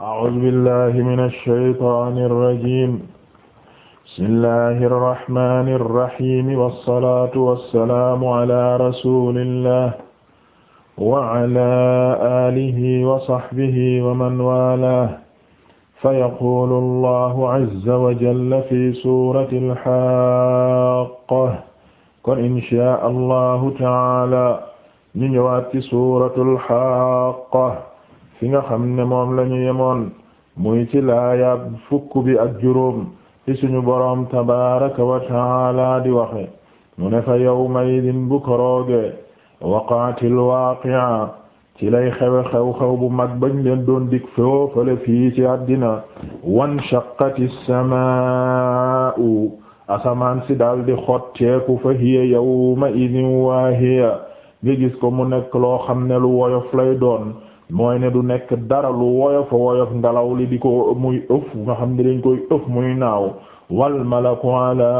أعوذ بالله من الشيطان الرجيم بسم الله الرحمن الرحيم والصلاة والسلام على رسول الله وعلى آله وصحبه ومن والاه فيقول الله عز وجل في سورة الحاقة kon إن شاء الله تعالى ñu ñëwaat ci سورة الحاقة fi nga xam ne moom lañu yemoon muy ci laaya fukk bi ak juróom ci suñu boroom tabaaraka wa taala di waxe mu ne fa yawma idin bu korooge waqaatil waaqi'a ci lay xewe xew-xew bu mag bañ leen doon dig foofale fii ci àddina wan shaqqati asamaan si daal di xotteeku fa hiya yawma idin waahiya nga gis ko mu nekk loo xam ne lu woyof lay doon mooy ne du nekk dara lu woyof woyof ngelaw li di ko muy ëf muy naaw wal malaku ala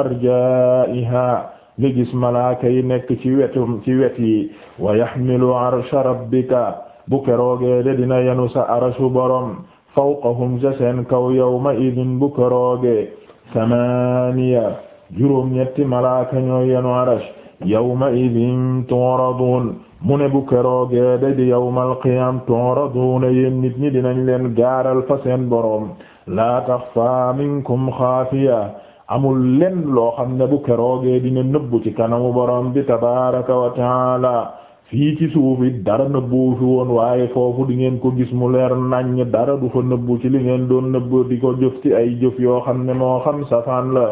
arjaiha nga gis malaaka yi nekk ci wetum ci wet yi wa yaxmilu arsha rabbika bu keroogee de dina yenu sa arashu borom fawqahum sa seen kaw yawma idin bu keroogee samaniya juróom ñetti malaaka arash yawma idin tu'radun mu ne bu keroogee da di yawmal qiyam tu'raduna yéen nit ñi dinañ leen gaaral fa seen boroom laa taxfa minkum xaafiya amul lenn loo xam ne bu keroogee dina nëbbu ci kanamu boroom bi tabaraka wa taala fii ci suufi dara nëbbu fi woon waaye foofu di ngeen ko gis mu leer naññ dara du fa nëbbu ci li ngeen doon nëbbu di ko jëf ci ay jëf yoo xam ne moo xam safaan la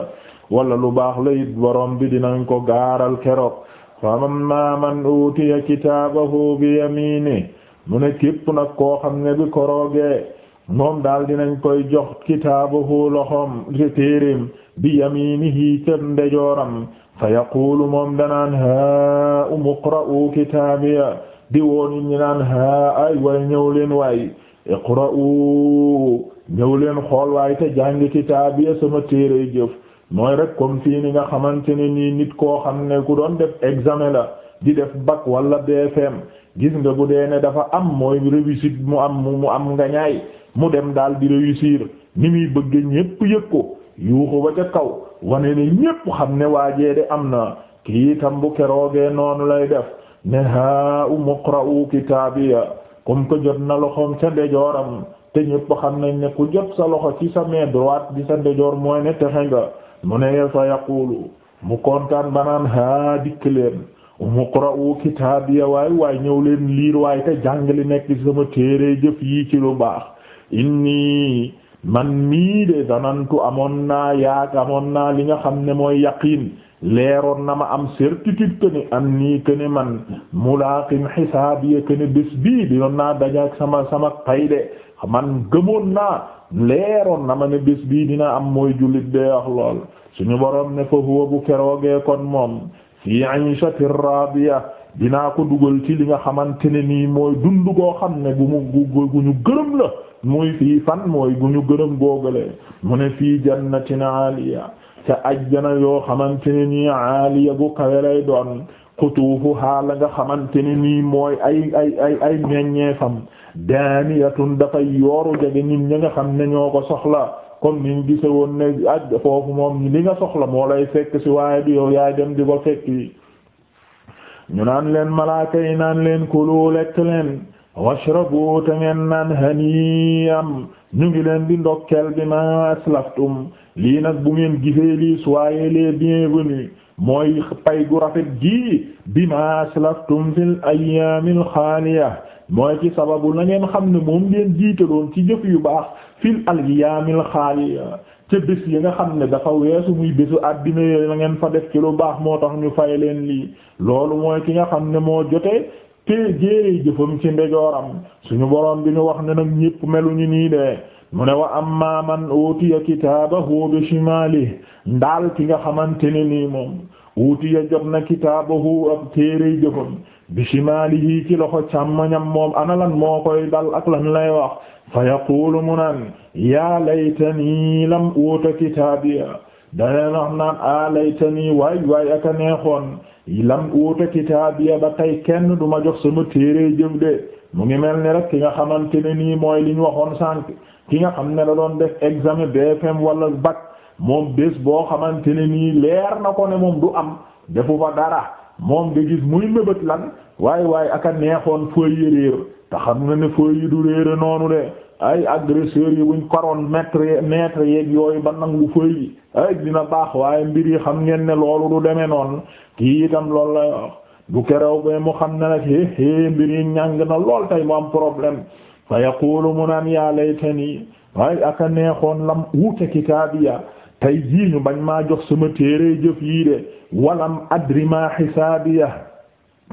wala lu baax la it borom bi dinañ ko gaaral keroog fa amma man utiya kitaabahu bi yamini mu ne képp nag ko xam ne bi koroogee moom daal dinañ koy jox kitaabahu loxoom téeréem bi yaminihi ca ndejooram fa yaquulu moom danaan haa umuqra'u kitaabiya di woon ñi naan haa ay way ñëw leen waay iqra'u ñëw leen xool waay te jàng kitaabiya sama téere mooy rek comme fii ni nga xamante ne nii nit koo xam ne ku doon def examen la di def bac walla BFM gis nga bu dee ne dafa am mooy réussite mu am mu am nga ñaay mu dem daal di réussir ni muy bëgg ñépp yëg ko yuuxu ba ca kaw wane ne ñépp xam ne waajee de am na kii itam bu keroogee noonu lay def ne haa u muqra'u kitaabiya comme que jot na loxoom ca ndejooram te ñépp xam nañ ne ku jot sa loxo ci sa main droite di sa ndejoor mooy ne texe nga mu ne fa yaqulu mu kontaan banaan haa dikk leen muqra'u kitaabiya waay waay ñëw leen liir waay te jàngali nekk ci sama téere jëf yi ci lu baax inni man mii de danantu amoon naa yaak amoon naa li nga xam ne mooy yaqiin leeroon na ma am certitude que ni am nii que ni man mulaqin xisaabiya que ni bés bii naa dajaak sama sama pay de man gëmoon naa leeroon na ma ne bés bii dina am mooy jullit bee wax lool suñu boroom ne fa huwa bu keroogee kon moom fii ayshatin radiya dinaa ko dugal ci li nga xamante ne nii mooy dund goo xam ne gu mu gu gu ñu gërëm la muy fii fan mooy gu ñu gërëm googale mu ne fii jannatin aaliya ca ajjana yoo xamante ne nii aaliya gu kawe lay doon xutuufu xaala nga xamante ne nii mooy ay ay ay ay meññeefam daaniyatun dafay yooru jege ñun ña nga xam ne ñoo ko soxla comme niñ gise woon ne aj foofu moom li nga soxla moo lay fekk ci waaye bi yow yaay dem di ko fekki ñu naan leen malaaka yi naan leen kulu lekk leen washrabu te ngeen naan haniyam ñu ngi leen di ndokkeel bi ma aslaftum lii nag bu ngeen gisee lii soyez les bienvenus mooy pay gu rafet gi bi ma aslaftum fil ayyaamil xaaliya mooy ci sababu na ngeen xam ne moom ngeen jiitaloon ci jëf yu baax fil algiyaamil xaaliya ca bés yi nga xam ne dafa weesu muy bésu àddina yooyu na ngeen fa def ci lu baax moo tax ñu fay leen lii loolu mooy ki nga xam ne moo jote te jéere jëfam ci ndejooram suñu boroom bi ñu wax ne nag ñépp meluñu nii de mu ne wa amma man utiya kitaabahu bi shimaalihi ndaal ki nga xamante ne nii moom utiya jot na kitaabahu ab téere jëfam bi shimaalihi ci loxo càmmoñam moom ana lan moo koy dal ak lan lay wax fa yaquulu mu naan yaa laytanii lam uuta kitaabiya dana wax naan a laytanii waay waay aka neexoon lam uuta kitaabiya ba tey kenn du ma jox sama téere jëf de mu ngi mel ni rek ki nga xamante ne nii mooy li ñu waxoon sànq ki nga xam ne la doon def examen BFM wala bac moom bés boo xamante ne nii leer na ko ne moom du am defu fa dara moom de gis muy mébét lan waaye waaye aka neexoon feuille yi réer te xam na ne feuille du réere noonu de ay agresseurs yi buñ karoon metre maître yeeg yooyu ba nangu feuille yi ay dina baax waaye mbir yi xam ngeen ne loolu du demee noonu kii itam lool la du kerew ba mu xam na nag é mbir yi ñàng na lool tey mu am problème fa yaqulu mu naan yaa laytani waaye aka neexoon lam uute kitaabiya tey jii ñu bañ maa jox sama téere jëf yii de walam adri ma xisaabiya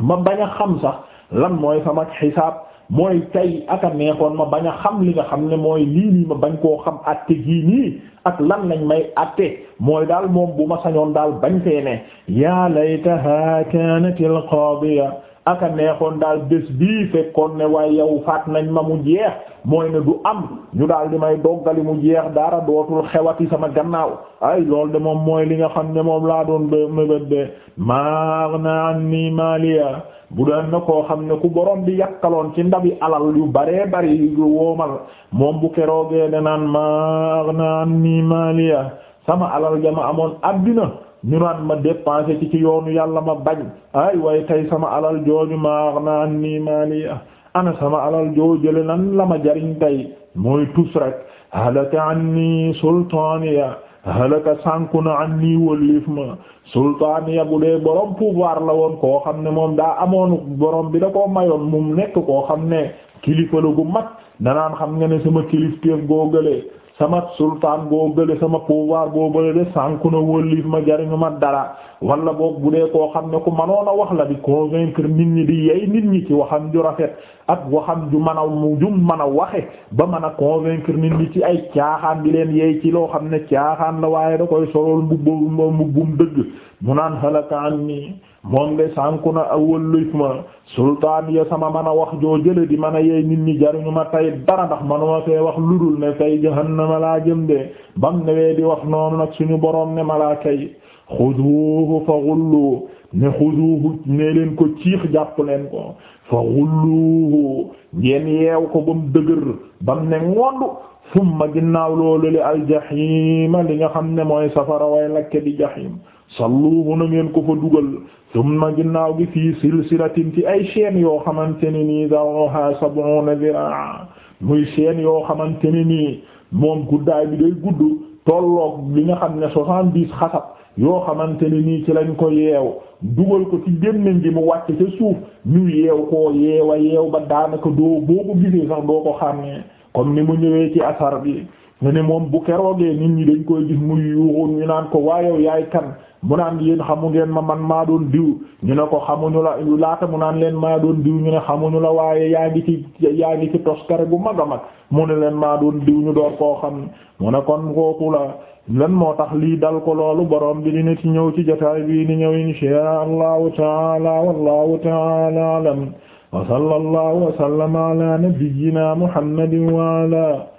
ma bañ a xam sax lan mooy sama xisaab mooy tey aka neexoon ma bañ a xam li nga xam ne mooy lii nii ma bañ koo xam àtte gii nii ak lan lañ may àtte mooy daal moom bu ma sañoon daal bañ fee ne yaa laytaha kaanatil qaadiya aka neexoon daal bés bii fekkoon ne waaye yow faat nañ ma mu jeex mooy ne du am ñu daal di may doggali mu jeex daara dootul xewati sama gannaaw ay lool de moom mooy li nga xam ne moom laa doon ba mébét de maar na an ni malia bu daan na koo xam ne ku borom bi yàkkaloon ci ndabi alal yu baree bari yu woomal moom bu keroogee de naan maar na an ni malia sama alal jama amoon addina ñu ma dépensé ci ci yoonu yàlla ma bañ ay way tey sama alal jooju maa naan nii maaliya ana sama alal joojële nan la ma jariñ tay mooy tus rek halaka anni sultaniya halaka sànku na anni wëllif ma sultaniya bu dee borom pouvoir la woon koo xam ne moom daa amoon borom bi da mayoon mum nekk ko xam ne kilifa la gu mag danaan xam nga ne sama kilifteef googale sama sultaan boo gële sama pouvoir boo bële de sànku na wóllif ma jariñu ma dara wala boog bu dee koo xam ne ku manoon a wax la di convaincre nit ñi di yey nit ñi ci waxam ju rafet ak waxam ju man a mu jum mën a waxe ba mën a convaincre nit ñi ci ay caaxaan di leen yey ci loo xam ne caaxaan la waaye da koy solool mbubb mbubbum dëgg mu naan halaka anni moom de sànku na awallëf ma sultaan ya sama man wax joo jële di man a yeey nit ñi jaruñu ma tey dara ndax manuma fee wax lu dul ne tey jahannama laa jëm de bam newee di wax noonu nag suñu boroom ne malaaka yi xuduuhu fa xullu ne xuduuhu ne leen ko ciix jàpp leen ko fa xulluuhu ngeen yeew ko ba mu dëgër ba mu ne ngondu summa ginnaaw loolu li aljaxiima li nga xam ne mooy safara way lakke di jaxiim sallu mu na ngeen ko fa dugal na ginnaaw gi fii silsilatin ci ay chaînes yoo xamante ne nii daroha sab'una zira muy chaînes yoo xamante ne nii moom guddaay bi day gudd tolloog li nga xam ne soixante-dix xasab yoo xamante ne nii ci lañ ko yeew dugal ko ci gémmiñ gi mu wàcc ca suuf ñu yeew koo yeewa yeew ba daanaka doo boo ko gisee sax doo ko xàmmee comme ni mu ñëwee ci asar bi mu ne moom bu keroogee nit ñi dañ koy gis muy yuuxu ñu naan ko waayow yaay kan mu naan yéen xamu ngeen ma man maa doon diw ñu ne ko xamuñu la laata mu naan leen maa doon diw ñu ne la waaye yaa ngi ci yaa ngi ci toskare a mag mu leen maa doon ñu door koo xam mu ne kon kooku la lan moo tax lii dal ko loolu borom bi dina ci ñëw ci jotaay bii di ñëw inshaa allahu taala wallahu taala alam wa sallallahu wa sallama ala nabiyyina muhammadin wa ala